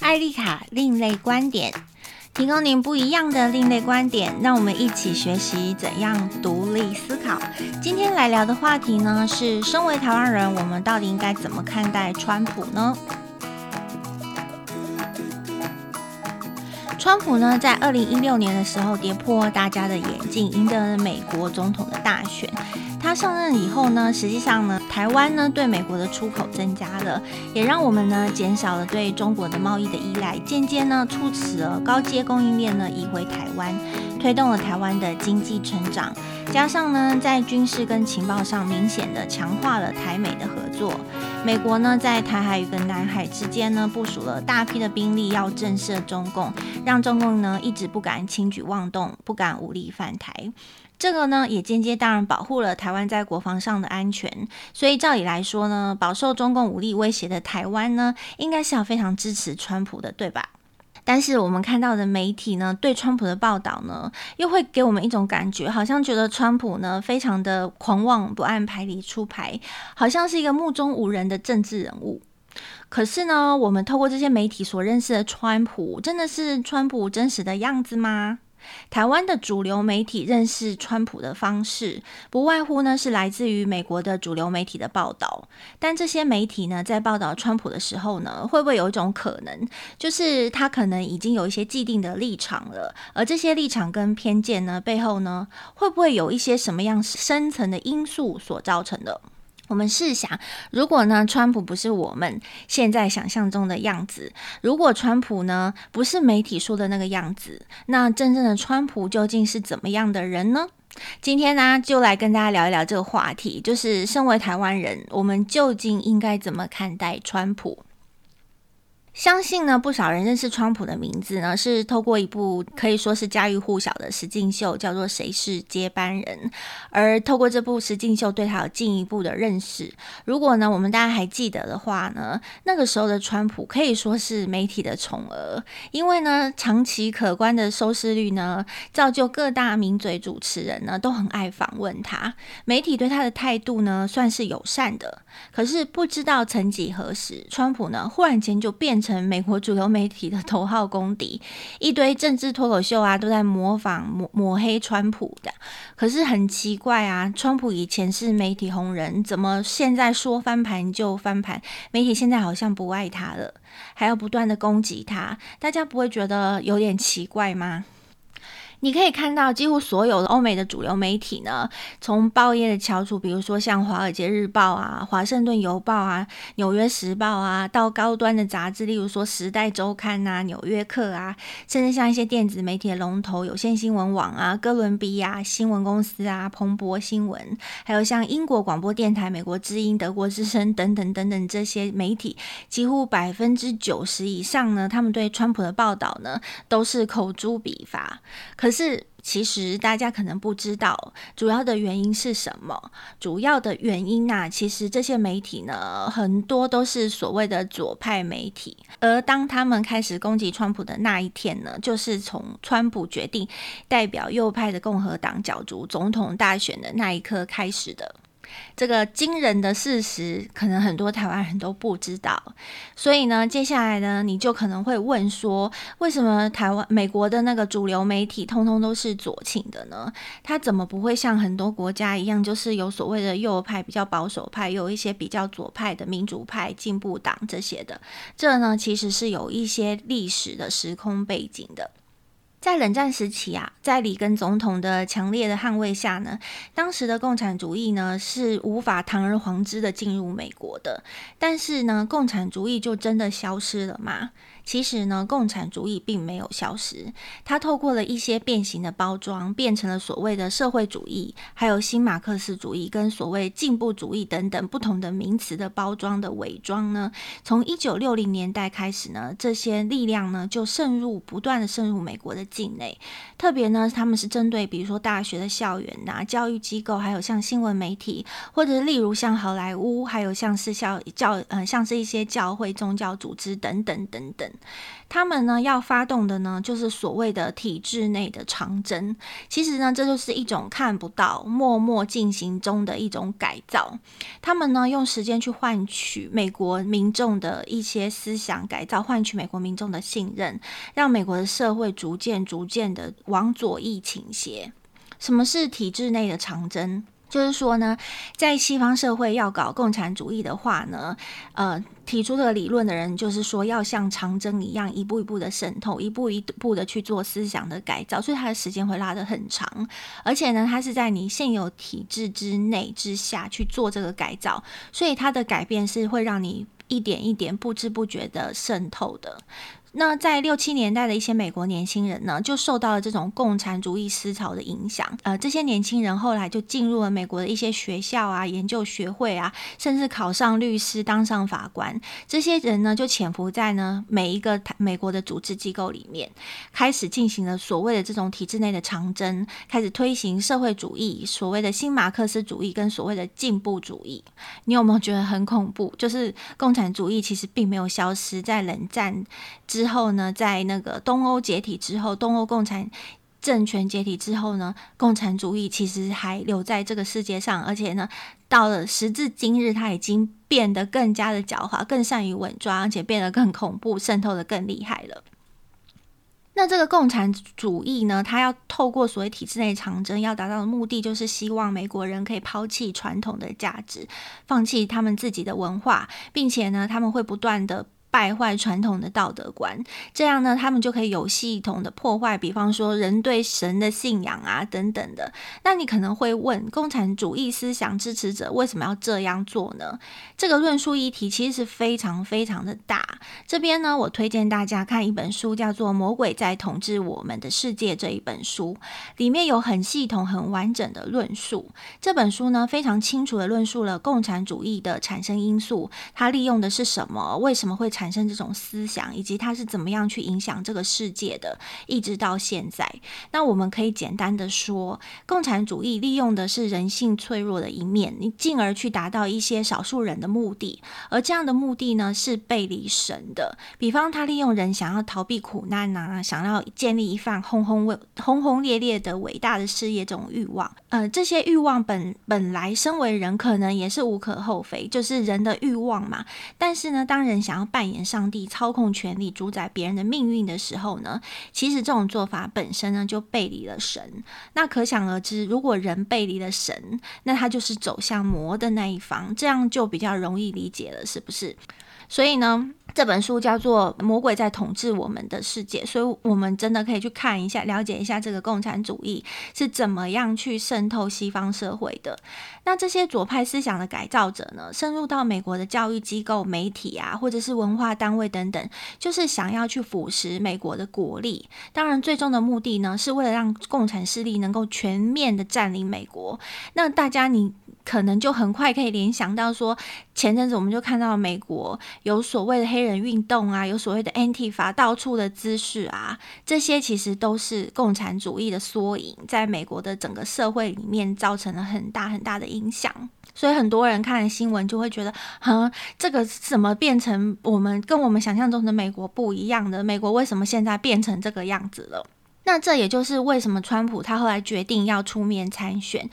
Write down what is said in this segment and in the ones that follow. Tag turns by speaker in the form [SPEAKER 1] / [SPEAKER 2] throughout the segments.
[SPEAKER 1] 艾莉卡，另類觀點，提供您不一樣的另類觀點。讓我們一起學習怎樣獨立思考。今天來聊的話題呢，是身為台灣人，我們到底應該怎麼看待川普呢？川普呢，在二零一六年的時候跌破大家的眼鏡，贏得了美國總統的大選。他上任以後呢，實際上呢，台灣呢對美國的出口增加了，也讓我們呢減少了對中國的貿易的依賴，漸漸呢促使了高階供應鏈呢移回台灣。推動了台灣的經濟成長，加上呢，在軍事跟情報上明顯的強化了台美的合作。美國呢，在台海與南海之間呢，部署了大批的兵力，要震懾中共，讓中共呢一直不敢輕舉妄動，不敢武力犯台。這個呢，也間接當然保護了台灣在國防上的安全。所以照理來說呢，飽受中共武力威脅的台灣呢，應該是要非常支持川普的，對吧？但是我們看到的媒體呢，對川普的報道呢，又會給我們一種感覺，好像覺得川普呢非常的狂妄，不按牌理出牌，好像是一個目中無人的政治人物。可是呢，我們透過這些媒體所認識的川普，真的是川普真實的樣子嗎？台灣的主流媒體認識川普的方式，不外乎呢是來自於美國的主流媒體的報道。但這些媒體呢，在報道川普的時候呢，會不會有一種可能，就是他可能已經有一些既定的立場了？而這些立場跟偏見呢，背後呢，會不會有一些什麼樣深層的因素所造成的？我們試想，如果呢，川普不是我們現在想象中的樣子；如果川普呢，不是媒體說的那個樣子，那真正的川普究竟是怎麼樣的人呢？今天呢，就來跟大家聊一聊這個話題，就是身為台灣人，我們究竟應該怎麼看待川普？相信呢，不少人認識川普的名字呢，是透過一部可以說是家喻戶曉的實境秀，叫做《誰是接班人》。而透過這部實境秀，對他有進一步的認識。如果呢，我們大家還記得的話呢，那個時候的川普可以說是媒體的寵兒，因為呢，長期可觀的收視率呢，造就各大名嘴主持人呢，都很愛訪問他。媒體對他的態度呢，算是友善的。可是不知道曾幾何時，川普呢忽然間就變成美國主流媒體的頭號公敵，一堆政治脫口秀啊都在模仿抹抹黑川普的。可是很奇怪啊，川普以前是媒體紅人，怎麼現在說翻盤就翻盤？媒體現在好像不愛他了，還要不斷的攻擊他，大家不會覺得有點奇怪嗎？你可以看到，幾乎所有的歐美的主流媒體呢，從報業的翹楚，比如說像《華爾街日報》啊，《華盛頓郵報》啊，《紐約時報》啊，到高端的雜誌，例如說《時代周刊》啊，《紐約客》啊，甚至像一些電子媒體的龍頭，有線新聞網啊，哥倫比啊，《哥倫比亞新聞公司》啊，《彭博新聞》，還有像英國廣播電台、美國之音、德國之聲等等等等這些媒體，幾乎百分之九十以上呢，他們對川普的報道呢，都是口誅筆伐。可是可是，其實大家可能不知道主要的原因是什麼。主要的原因呢、啊、其實這些媒體呢，很多都是所謂的左派媒體。而當他們開始攻擊川普的那一天呢，就是從川普決定代表右派的共和黨角逐總統大選的那一刻開始的。這個驚人的事實，可能很多台灣人都不知道。所以呢，接下來呢，你就可能會問說，為什麼台灣、美國的那個主流媒體，通通都是左傾的呢？他怎麼不會像很多國家一樣，就是有所謂的右派、比較保守派，有一些比較左派的民主派、進步黨這些的？這呢，其實是有一些歷史的時空背景的。在冷戰時期啊，在里根總統的強烈的捍衛下呢，當時的共產主義呢，是無法堂而皇之的進入美國的。但是呢，共產主義就真的消失了嗎？其實呢，共產主義並沒有消失，它透過了一些變形的包裝，變成了所謂的社會主義，還有新馬克思主義跟所謂進步主義等等不同的名詞的包裝的偽裝呢。從一九六零年代開始呢，這些力量呢就滲入不斷的滲入美國的境內，特別呢，他們是針對比如說大學的校園吶、啊、教育機構，還有像新聞媒體，或者是例如像好萊塢，還有像是像教教嗯、呃，像是一些教會、宗教組織等等等等。他們呢要發動的呢，就是所謂的體制內的長征。其實呢，這就是一種看不到、默默進行中的一種改造。他們呢，用時間去換取美國民眾的一些思想改造，換取美國民眾的信任，讓美國的社會逐漸、逐漸的往左翼傾斜。什麼是體制內的長征？就是說呢，在西方社會要搞共產主義的話呢，呃，提出的理論的人就是說，要像長征一樣，一步一步的滲透，一步一步的去做思想的改造，所以他的時間會拉得很長。而且呢，它是在你現有體制之內之下去做這個改造，所以它的改變是會讓你一點一點不知不覺的滲透的。那在六七年代的一些美國年輕人呢，就受到了這種共產主義思潮的影響。呃，這些年輕人後來就進入了美國的一些學校啊、研究學會啊，甚至考上律師、當上法官。這些人呢，就潛伏在呢每一個美國的組織機構裡面，開始進行了所謂的這種體制內的長征，開始推行社會主義、所謂的新馬克思主義跟所謂的進步主義。你有沒有覺得很恐怖？就是共產主義其實並沒有消失，在冷戰。之後呢，在那個東歐解體，之後，東歐共產政權解體之後呢，共產主義其實還留在這個世界上，而且呢，到了時至今日，它已經變得更加的狡猾，更善於偽裝，而且變得更恐怖，滲透的更厲害了。那這個共產主義呢，它要透過所謂體制內長征，要達到的目的就是希望美國人可以拋棄傳統的價值，放棄他們自己的文化，並且呢，他們會不斷的。敗壞傳統的道德觀，這樣呢，他們就可以有系統的破壞，比方說人對神的信仰啊等等的。那你可能會問，共產主義思想支持者為什麼要這樣做呢？這個論述議題其實是非常非常的大。這邊呢，我推薦大家看一本書，叫做《魔鬼在統治我們的世界》這一本書，裡面有很系統、很完整的論述。這本書呢，非常清楚地論述了共產主義的產生因素，它利用的是什麼，為什麼會產。產生這種思想，以及他是怎麼樣去影響這個世界的，一直到現在。那我們可以簡單的說，共產主義利用的是人性脆弱的一面，你進而去達到一些少數人的目的，而這樣的目的呢，是背離神的。比方他利用人想要逃避苦難吶、啊，想要建立一番轟轟轟轟烈烈的偉大的事業這種慾望。呃，這些慾望本本來身為人，可能也是無可厚非，就是人的慾望嘛。但是呢，當人想要扮上帝，操控權力、主宰別人的命運的時候呢，其實這種做法本身呢就背離了神。那可想而知，如果人背離了神，那他就是走向魔的那一方，這樣就比較容易理解了，是不是？所以呢。這本書叫做《魔鬼在統治我們的世界》，所以我們真的可以去看一下，了解一下這個共產主義是怎麼樣去滲透西方社會的。那這些左派思想的改造者呢，深入到美國的教育機構、媒體啊，或者是文化單位等等，就是想要去腐蝕美國的國力。當然，最終的目的呢，是為了讓共產勢力能夠全面的占領美國。那大家，你……可能就很快可以聯想到說，前陣子我們就看到美國有所謂的黑人運動啊，有所謂的 Antifa 到處的姿勢啊，這些其實都是共產主義的縮影，在美國的整個社會裡面造成了很大很大的影響。所以很多人看新聞就會覺得，哼、嗯，這個怎麼變成我們跟我們想象中的美國不一樣的？美國為什麼現在變成這個樣子了？那這也就是為什麼川普他後來決定要出面參選。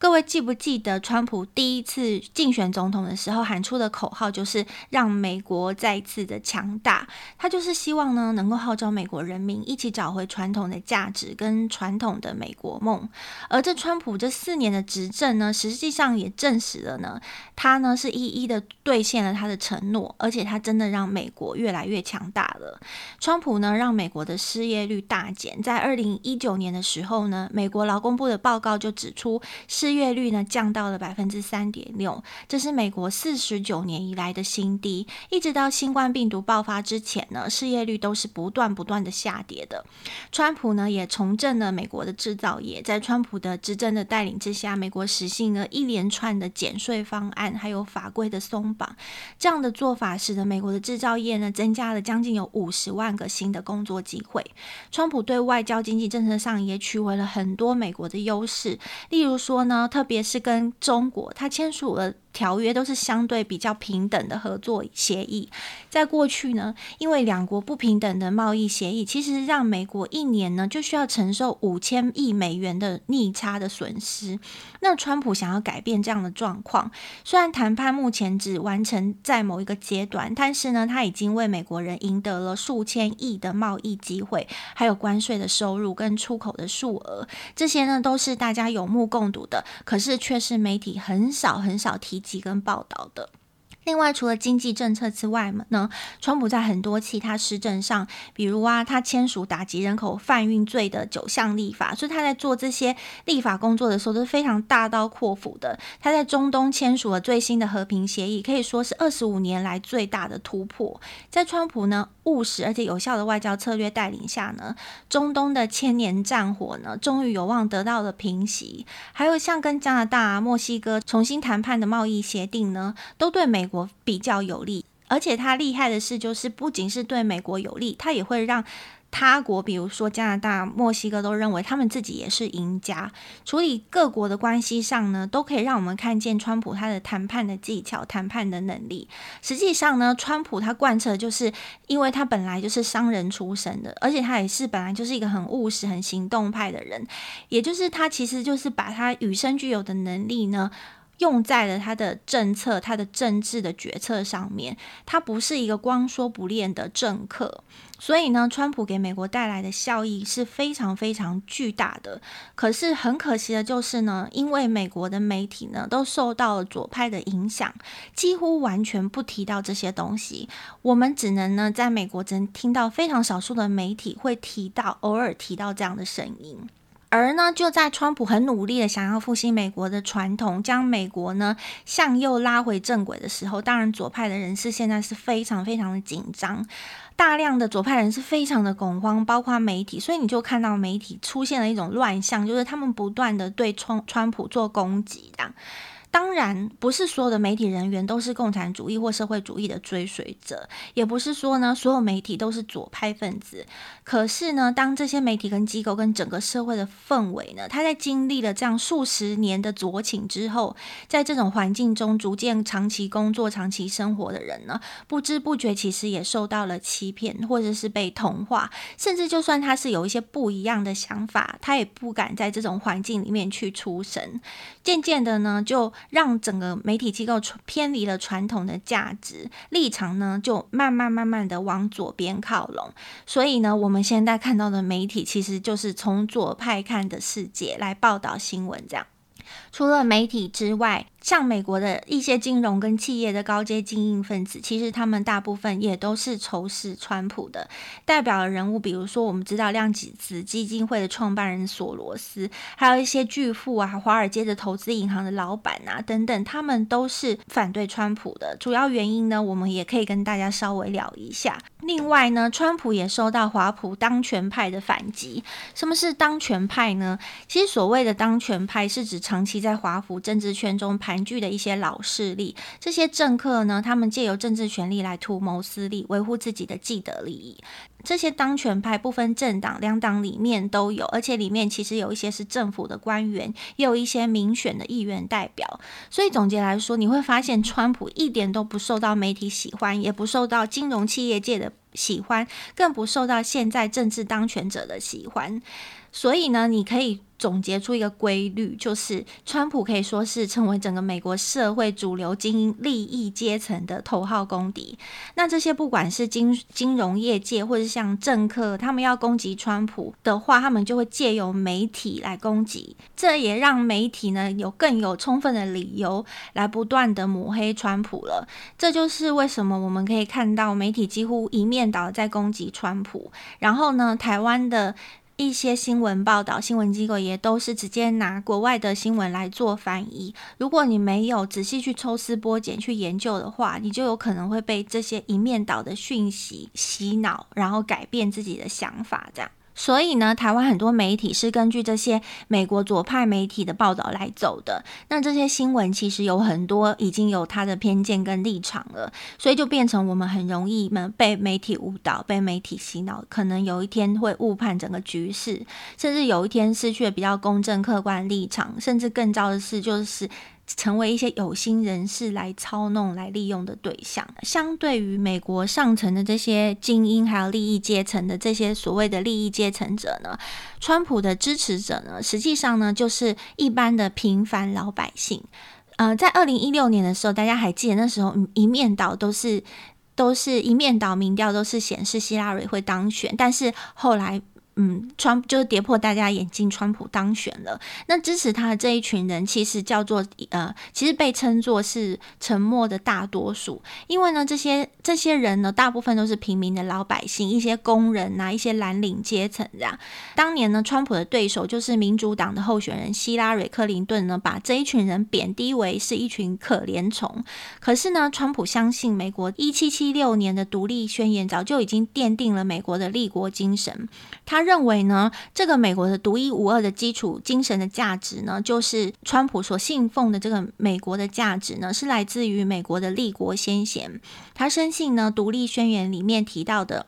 [SPEAKER 1] 各位記不記得，川普第一次競選總統的時候喊出的口號就是“讓美國再一次的強大”。他就是希望呢，能夠號召美國人民一起找回傳統的價值跟傳統的美國夢。而這川普這四年的執政呢，實際上也證實了呢，他呢是一一的兌現了他的承諾，而且他真的讓美國越來越強大了。川普呢，讓美國的失業率大減，在二零一九年的時候呢，美國勞工部的報告就指出是。失業率呢，降到了百分之三點六，這是美國四十九年以來的新低。一直到新冠病毒爆發之前呢，失業率都是不斷不斷的下跌的。川普呢也重振了美國的製造業，在川普的執政的帶領之下，美國實行了一連串的減稅方案，還有法規的鬆綁，這樣的做法使得美國的製造業呢增加了將近有五十萬個新的工作機會。川普對外交經濟政策上也取回了很多美國的優勢，例如說呢。特別是跟中國，他簽署了，條約都是相對比較平等的合作協議，在過去呢，因為兩國不平等的貿易協議，其實讓美國一年呢就需要承受五千億美元的逆差的損失。那川普想要改變這樣的狀況，雖然談判目前只完成在某一個階段，但是呢，他已經為美國人贏得了數千億的貿易機會，還有關稅的收入跟出口的數額，這些呢都是大家有目共睹的，可是卻是媒體很少很少提。以及跟報道的，另外除了經濟政策之外嘛呢，那川普在很多其他施政上，比如啊，他簽署打擊人口販運罪的九項立法，所以他在做這些立法工作的時候都是非常大刀闊斧的。他在中東簽署了最新的和平協議，可以說是二十五年來最大的突破。在川普呢，務實而且有效的外交策略帶領下呢，中東的千年戰火呢，終於有望得到了平息。還有像跟加拿大啊、墨西哥重新談判的貿易協定呢，都對美國比較有利。而且他厲害的是，就是不僅是對美國有利，他也會讓。他國，比如說加拿大、墨西哥，都認為他們自己也是贏家。處理各國的關係上呢，都可以讓我們看見川普他的談判的技巧、談判的能力。實際上呢，川普他貫徹就是，因為他本來就是商人出身的，而且他也是本來就是一個很務實、很行動派的人。也就是他其實就是把他與生俱有的能力呢。用在了他的政策、他的政治的決策上面，他不是一個光說不練的政客，所以呢，川普給美國帶來的效益是非常非常巨大的。可是很可惜的就是呢，因為美國的媒體呢都受到了左派的影響，幾乎完全不提到這些東西，我們只能呢，在美國只能聽到非常少數的媒體會提到，偶爾提到這樣的聲音。而呢，就在川普很努力的想要復興美國的傳統，將美國呢向右拉回正軌的時候，當然左派的人士現在是非常非常的緊張，大量的左派人士非常的恐慌，包括媒體，所以你就看到媒體出現了一種亂象，就是他們不斷的對川川普做攻擊這樣。當然，不是所有的媒體人員都是共產主義或社會主義的追隨者，也不是說呢所有媒體都是左派分子。可是呢，當這些媒體跟機構跟整個社會的氛圍呢，他在經歷了這樣數十年的左傾之後，在這種環境中逐漸長期工作、長期生活的人呢，不知不覺其實也受到了欺騙，或者是被同化，甚至就算他是有一些不一樣的想法，他也不敢在這種環境裡面去出聲。漸漸的呢，就讓整個媒體機構偏離了傳統的價值，立場呢，就慢慢慢慢的往左邊靠攏。所以呢，我們現在看到的媒體其實就是從左派看的世界來報道新聞，這樣。除了媒體之外，像美國的一些金融跟企業的高階精英分子，其實他們大部分也都是仇視川普的。代表的人物，比如說，我們知道量子基金會的創辦人索羅斯，還有一些巨富啊，華爾街的投資銀行的老板啊等等，他們都是反對川普的。主要原因呢，我們也可以跟大家稍微聊一下。另外呢，川普也受到華普當權派的反擊。什麼是當權派呢？其實所謂的當權派是指長。長期在華府政治圈中盤踞的一些老勢力，這些政客呢，他們借由政治權力來圖謀私利，維護自己的既得利益。這些當權派不分政黨，兩黨裡面都有，而且裡面其實有一些是政府的官員，也有一些民選的議員代表。所以總結來說，你會發現，川普一點都不受到媒體喜歡，也不受到金融企業界的喜歡，更不受到現在政治當權者的喜歡。所以呢，你可以總結出一個規律，就是川普可以說是成為整個美國社會主流精英利益階層的頭號公敵。那這些不管是金金融業界或者像政客，他們要攻擊川普的話，他們就會借由媒體來攻擊。這也讓媒體呢有更有充分的理由來不斷的抹黑川普了。這就是為什麼我們可以看到媒體幾乎一面倒在攻擊川普。然後呢，台灣的。一些新聞報道，新聞機構也都是直接拿國外的新聞來做翻譯。如果你沒有仔細去抽絲剝繭去研究的話，你就有可能會被這些一面倒的訊息洗腦，然後改變自己的想法，這樣。所以呢，台灣很多媒體是根據這些美國左派媒體的報道來走的。那這些新聞其實有很多已經有他的偏見跟立場了，所以就變成我們很容易被媒體誤導、被媒體洗腦，可能有一天會誤判整個局勢，甚至有一天失去了比較公正客觀立場，甚至更糟的是就是。成為一些有心人士來操弄、來利用的對象。相對於美國上層的這些精英，還有利益階層的這些所謂的利益階層者呢，川普的支持者呢，實際上呢，就是一般的平凡老百姓。呃，在二零一六年的時候，大家還記得那時候一面倒，都是都是一面倒，民調都是顯示希拉瑞會當選，但是後來。嗯，川就是跌破大家眼鏡，川普當選了。那支持他的這一群人，其實叫做呃，其實被稱作是沉默的大多數，因為呢，這些這些人呢，大部分都是平民的老百姓，一些工人吶、啊，一些藍領階層這樣。當年呢，川普的對手就是民主黨的候選人希拉瑞克林頓呢，把這一群人貶低為是一群可憐蟲。可是呢，川普相信美國一七七六年的獨立宣言早就已經奠定了美國的立國精神，他。他認為呢，這個美國的獨一無二的基礎精神的價值呢，就是川普所信奉的這個美國的價值呢，是來自於美國的立國先賢。他深信呢，《獨立宣言》裡面提到的。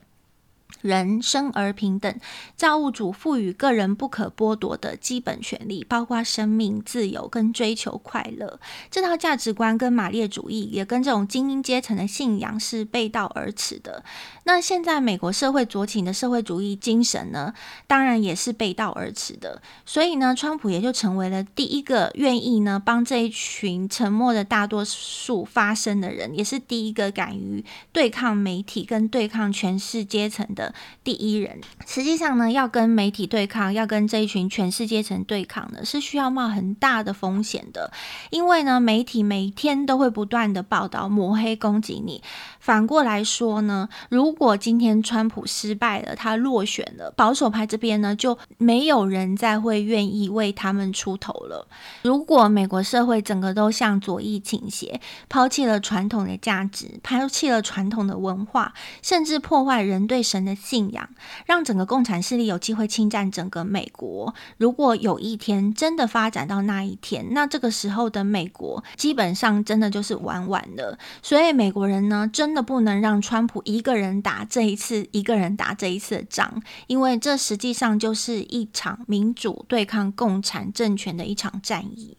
[SPEAKER 1] 人生而平等，造物主賦予個人不可剝奪的基本權利，包括生命、自由跟追求快樂。這套價值觀跟馬列主義也跟這種精英階層的信仰是背道而馳的。那現在美國社會左傾的社會主義精神呢，當然也是背道而馳的。所以呢，川普也就成為了第一個願意呢幫這一群沉默的大多數發聲的人，也是第一個敢於對抗媒體跟對抗權勢階層的。第一人，實際上呢，要跟媒體對抗，要跟這一群全世界層對抗呢，是需要冒很大的風險的。因為呢，媒體每天都會不斷的報道抹黑攻擊你。反過來說呢，如果今天川普失敗了，他落選了，保守派這邊呢就沒有人再會願意為他們出頭了。如果美國社會整個都向左翼傾斜，拋棄了傳統的價值，拋棄了傳統的文化，甚至破壞人對神的。信仰，讓整個共產勢力有機會侵佔整個美國。如果有一天真的發展到那一天，那這個時候的美國基本上真的就是玩完了。所以美國人呢，真的不能讓川普一個人打這一次，一個人打這一次的仗，因為這實際上就是一場民主對抗共產政權的一場戰役。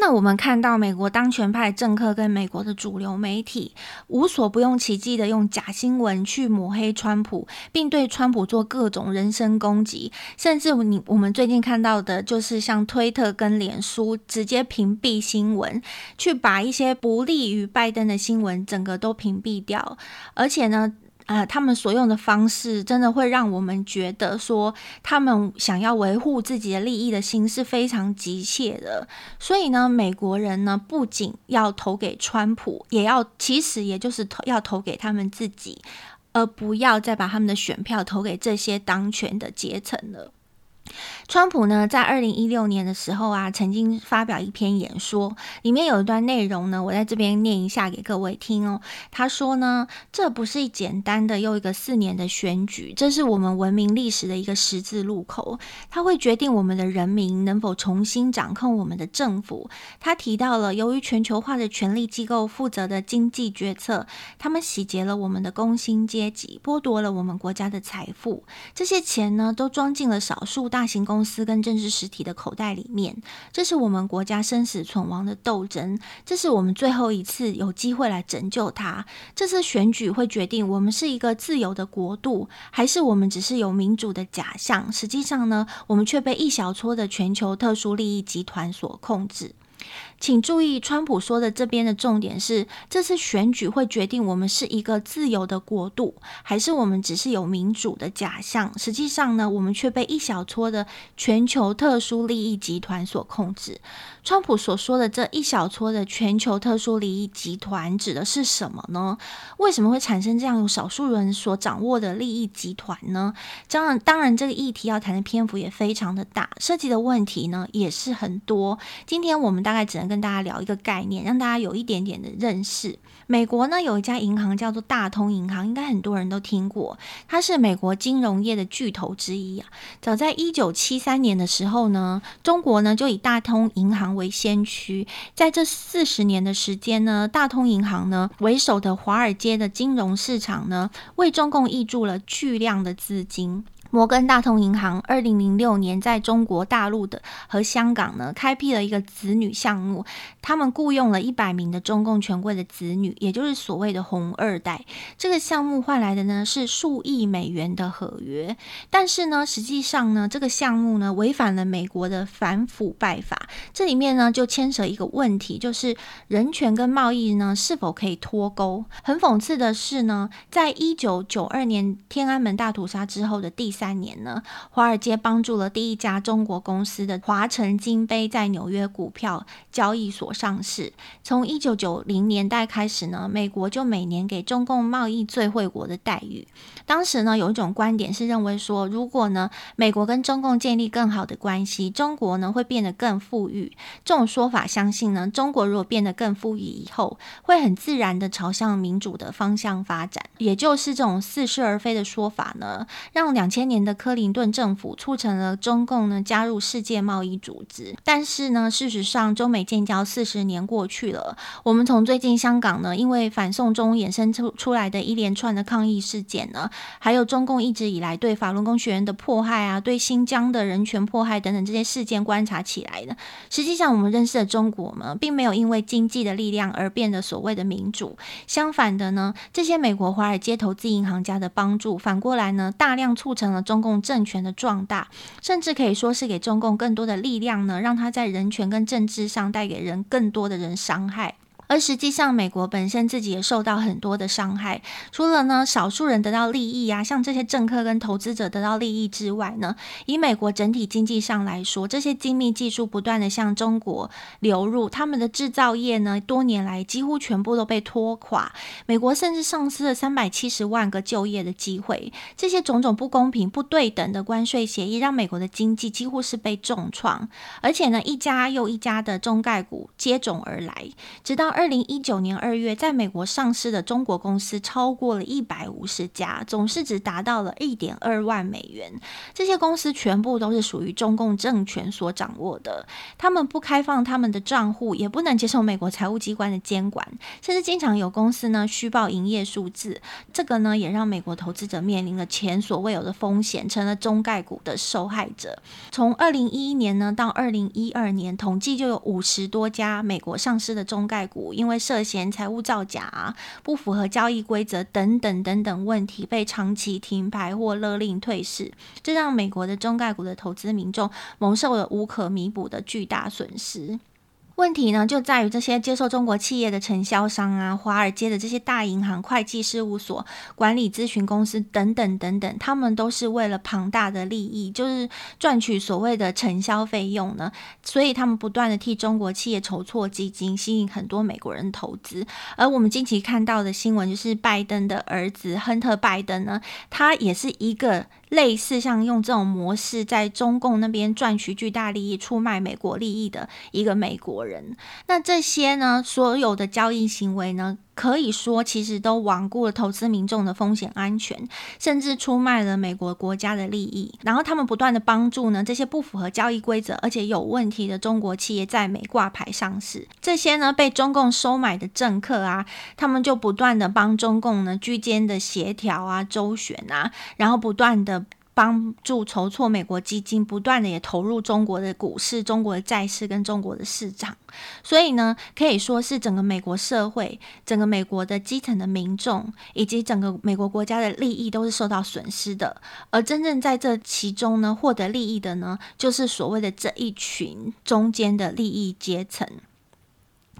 [SPEAKER 1] 那我們看到，美國當權派政客跟美國的主流媒體無所不用其極的用假新聞去抹黑川普，並對川普做各種人身攻擊，甚至你，我們最近看到的就是像推特跟臉書直接屏蔽新聞，去把一些不利於拜登的新聞整個都屏蔽掉，而且呢，啊、呃，他們所用的方式真的會讓我們覺得說，他們想要維護自己的利益的心是非常急切的。所以呢，美國人呢，不僅要投給川普，也要其實也就是投要投給他們自己，而不要再把他們的選票投給這些當權的階層了。川普呢，在二零一六年的時候啊，曾經發表一篇演說，裡面有一段內容呢，我在這邊念一下給各位聽哦。他說呢，這不是簡單的又一個四年的選舉，這是我們文明歷史的一個十字路口，他會決定我們的人民能否重新掌控我們的政府。他提到了，由於全球化的權力機構負責的經濟決策，他們洗劫了我們的工薪階級，剝奪了我們國家的財富，這些錢呢，都裝進了少數大。大型公司跟政治實體的口袋裡面，這是我們國家生死存亡的鬥爭。這是我們最後一次有機會來拯救它。這次選舉會決定我們是一個自由的國度，還是我們只是有民主的假象？實際上呢，我們卻被一小撮的全球特殊利益集團所控制。請注意，川普說的這邊的重點是，這次選舉會決定我們是一個自由的國度，還是我們只是有民主的假象？實際上呢，我們卻被一小撮的全球特殊利益集團所控制。川普所說的這一小撮的全球特殊利益集團指的是什麼呢？為什麼會產生這樣由少數人所掌握的利益集團呢？當然，當然，這個議題要談的篇幅也非常的大，涉及的問題呢也是很多。今天我們大概只能。跟大家聊一個概念，讓大家有一點點的認識。美國呢，有一家銀行叫做大通銀行，應該很多人都聽過，它是美國金融業的巨頭之一啊。早在一九七三年的時候呢，中國呢就以大通銀行為先驅，在這四十年的時間呢，大通銀行呢為首的華爾街的金融市場呢，為中共挹注了巨量的資金。摩根大通銀行二零零六年在中國大陸的和香港呢，開闢了一個子女項目，他們僱傭了一百名的中共權貴的子女，也就是所謂的“紅二代”。這個項目換來的呢是數億美元的合約，但是呢，實際上呢，這個項目呢違反了美國的反腐敗法。這裡面呢就牽扯一個問題，就是人權跟貿易呢是否可以脫鈎？很諷刺的是呢，在一九九二年天安門大屠殺之後的第三年呢，華爾街幫助了第一家中國公司的華晨金杯在紐約股票交易所上市。從一九九零年代開始呢，美國就每年給中共貿易最惠國的待遇。當時呢，有一種觀點是認為說，如果呢，美國跟中共建立更好的關係，中國呢會變得更富裕。這種說法，相信呢，中國如果變得更富裕以後，會很自然的朝向民主的方向發展。也就是這種似是而非的說法呢，讓兩千。今年的克林頓政府促成了中共呢加入世界貿易組織，但是呢，事實上中美建交四十年過去了，我們從最近香港呢因為反送中衍生出出來的一連串的抗議事件呢，還有中共一直以來對法輪功學員的迫害啊，對新疆的人權迫害等等這些事件觀察起來呢，實際上我們認識的中國呢，並沒有因為經濟的力量而變得所謂的民主，相反的呢，這些美國華爾街投資銀行家的幫助，反過來呢，大量促成了。中共政權的壯大，甚至可以說是給中共更多的力量呢，讓他在人權跟政治上帶給人更多的人傷害。而實際上，美國本身自己也受到很多的傷害。除了呢，少數人得到利益啊，像這些政客跟投資者得到利益之外呢，以美國整體經濟上來說，這些精密技術不斷地向中國流入，他們的製造業呢，多年來幾乎全部都被拖垮。美國甚至喪失了三百七十萬個就業的機會。這些種種不公平、不對等的關稅協議，讓美國的經濟幾乎是被重創。而且呢，一家又一家的中概股接踵而來，直到二零一九年二月，在美國上市的中國公司超過了一百五十家，總市值達到了一點二萬美元。這些公司全部都是屬於中共政權所掌握的，他們不開放他們的賬戶，也不能接受美國財務機關的監管，甚至經常有公司呢虛報營業數字。這個呢，也讓美國投資者面臨了前所未有的風險，成了中概股的受害者。從二零一一年呢到二零一二年，統計就有五十多家美國上市的中概股。因為涉嫌財務造假、不符合交易規則等等等等問題，被長期停牌或勒令退市，這讓美國的中概股的投資民眾蒙受了無可彌補的巨大損失。問題呢，就在於這些接受中國企業的承銷商啊，華爾街的這些大銀行、會計事務所、管理諮詢公司等等等等，他們都是為了龐大的利益，就是賺取所謂的承銷費用呢，所以他們不斷的替中國企業籌措基金，吸引很多美國人投資。而我們近期看到的新聞就是，拜登的兒子亨特·拜登呢，他也是一個。類似像用這種模式在中共那邊賺取巨大利益、出賣美國利益的一個美國人。那這些呢，所有的交易行為呢，可以說，其實都罔顧了投資民眾的風險安全，甚至出賣了美國國家的利益。然後他們不斷的幫助呢，這些不符合交易規則而且有問題的中國企業在美掛牌上市。這些呢，被中共收買的政客啊，他們就不斷的幫中共呢，居間的協調啊、周旋啊，然後不斷的。幫助籌措美國基金，不斷的也投入中國的股市、中國的債市跟中國的市場，所以呢，可以說是整個美國社會、整個美國的基層的民眾以及整個美國國家的利益都是受到損失的。而真正在這其中呢，獲得利益的呢，就是所謂的這一群中間的利益階層，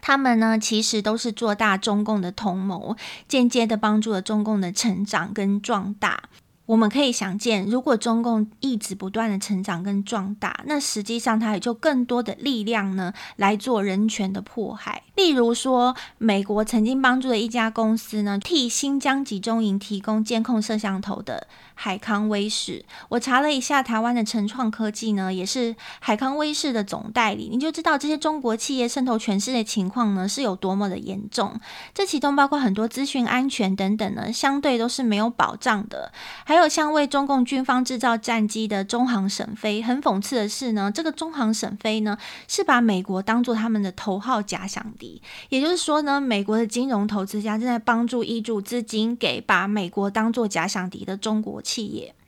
[SPEAKER 1] 他們呢，其實都是做大中共的同謀，間接的幫助了中共的成長跟壯大。我們可以想見，如果中共一直不斷的成長跟壯大，那實際上它也就更多的力量呢來做人權的迫害。例如說，美國曾經幫助的一家公司呢，替新疆集中營提供監控攝像頭的海康威視，我查了一下，台灣的成創科技呢，也是海康威視的總代理，你就知道這些中國企業滲透全世界的情況呢，是有多麼的嚴重。這其中包括很多資訊安全等等呢，相對都是沒有保障的，還有。還有像為中共軍方製造戰機的中航沈飛，很諷刺的是呢，這個中航沈飛呢是把美國當做他們的頭號假想敵，也就是說呢，美國的金融投資家正在幫助挹注資金給把美國當做假想敵的中國企業。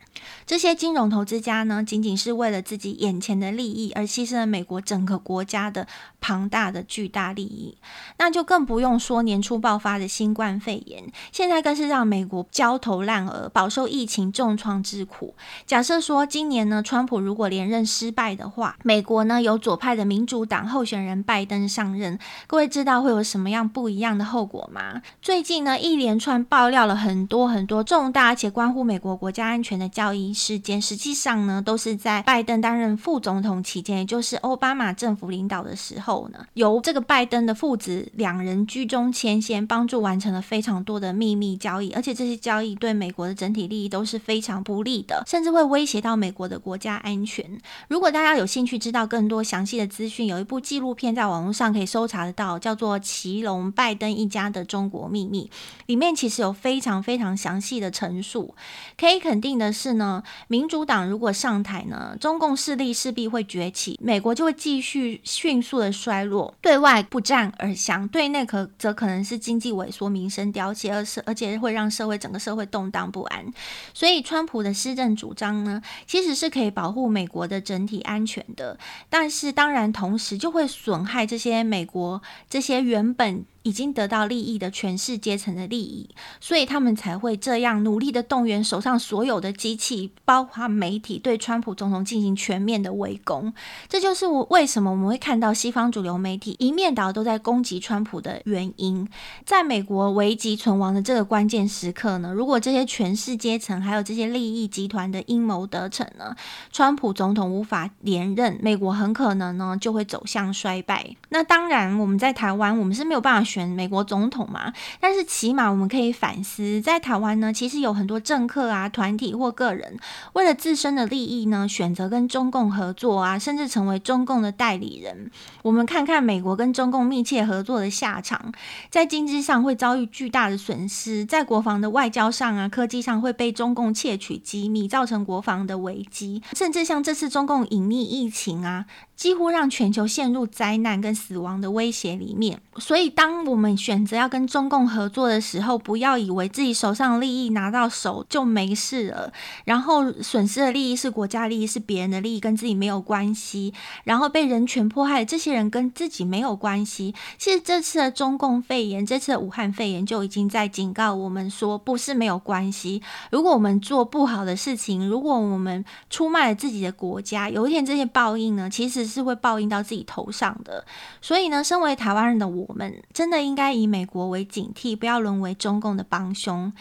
[SPEAKER 1] 這些金融投資家呢，僅僅是為了自己眼前的利益而犧牲了美國整個國家的龐大的巨大利益，那就更不用說年初爆發的新冠肺炎，現在更是讓美國焦頭爛額，飽受疫情重創之苦。假設說今年呢，川普如果連任失敗的話，美國呢由左派的民主黨候選人拜登上任，各位知道會有什麼樣不一樣的後果嗎？最近呢，一連串爆料了很多很多重大且關乎美國國家安全的交易。時間實際上呢，都是在拜登擔任副總統期間，也就是奧巴馬政府領導的時候呢，由這個拜登的父子兩人居中牽線，幫助完成了非常多的秘密交易，而且這些交易對美國的整體利益都是非常不利的，甚至會威脅到美國的國家安全。如果大家有興趣知道更多詳細的資訊，有一部紀錄片在網絡上可以搜查得到，叫做《奇隆拜登一家的中國秘密》，裡面其實有非常非常詳細的陳述。可以肯定的是呢。民主黨如果上臺呢，中共勢力勢必會崛起，美國就會繼續迅速的衰落，對外不戰而降，對內可則可能是經濟萎縮、民生凋謝，而是而且會讓社會整個社會動盪不安。所以，川普的施政主張呢，其實是可以保護美國的整體安全的，但是當然同時就會損害這些美國這些原本已經得到利益的權勢階層的利益，所以他們才會這樣努力的動員手上所有的機器，包括媒體，對川普總統進行全面的圍攻。這就是我為什麼我們會看到西方主流媒體一面倒都在攻擊川普的原因。在美國危急存亡的這個關鍵時刻呢，如果這些權勢階層還有這些利益集團的陰謀得逞呢，川普總統無法連任，美國很可能呢就會走向衰敗。那當然，我們在台灣，我們是沒有辦法選美國總統嘛，但是起碼我們可以反思。在台灣呢，其實有很多政客啊、團體或個人，為了自身的利益呢，選擇跟中共合作啊，甚至成為中共的代理人。我們看看美國跟中共密切合作的下場，在經濟上會遭遇巨大的損失，在國防的外交上啊、科技上會被中共竊取機密，造成國防的危機，甚至像這次中共隱匿疫情啊，幾乎讓全球陷入災難跟死亡的威脅裡面。所以當我們選擇要跟中共合作的時候，不要以為自己手上利益拿到手就沒事了，然後損失的利益是國家利益，是別人的利益，跟自己沒有關係，然後被人權迫害，這些人跟自己沒有關係。其實這次的中共肺炎，這次的武漢肺炎，就已經在警告我們說，不是沒有關係。如果我們做不好的事情，如果我們出賣了自己的國家，有一天這些報應呢，其實是會報應到自己頭上的。所以呢，身為台灣人的我們，真的應該以美國為警惕，不要淪為中共的幫兇。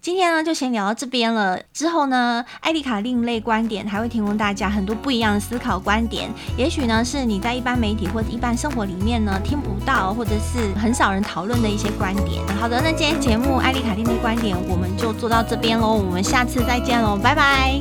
[SPEAKER 1] 今天呢，就先聊到這邊了。之後呢，艾莉卡另類觀點還會提供大家很多不一樣的思考觀點，也許呢是你在一般媒體或者一般生活裡面呢聽不到，或者是很少人討論的一些觀點。好的，那今天節目艾莉卡另類觀點我們就做到這邊嘍，我們下次再見嘍，拜拜。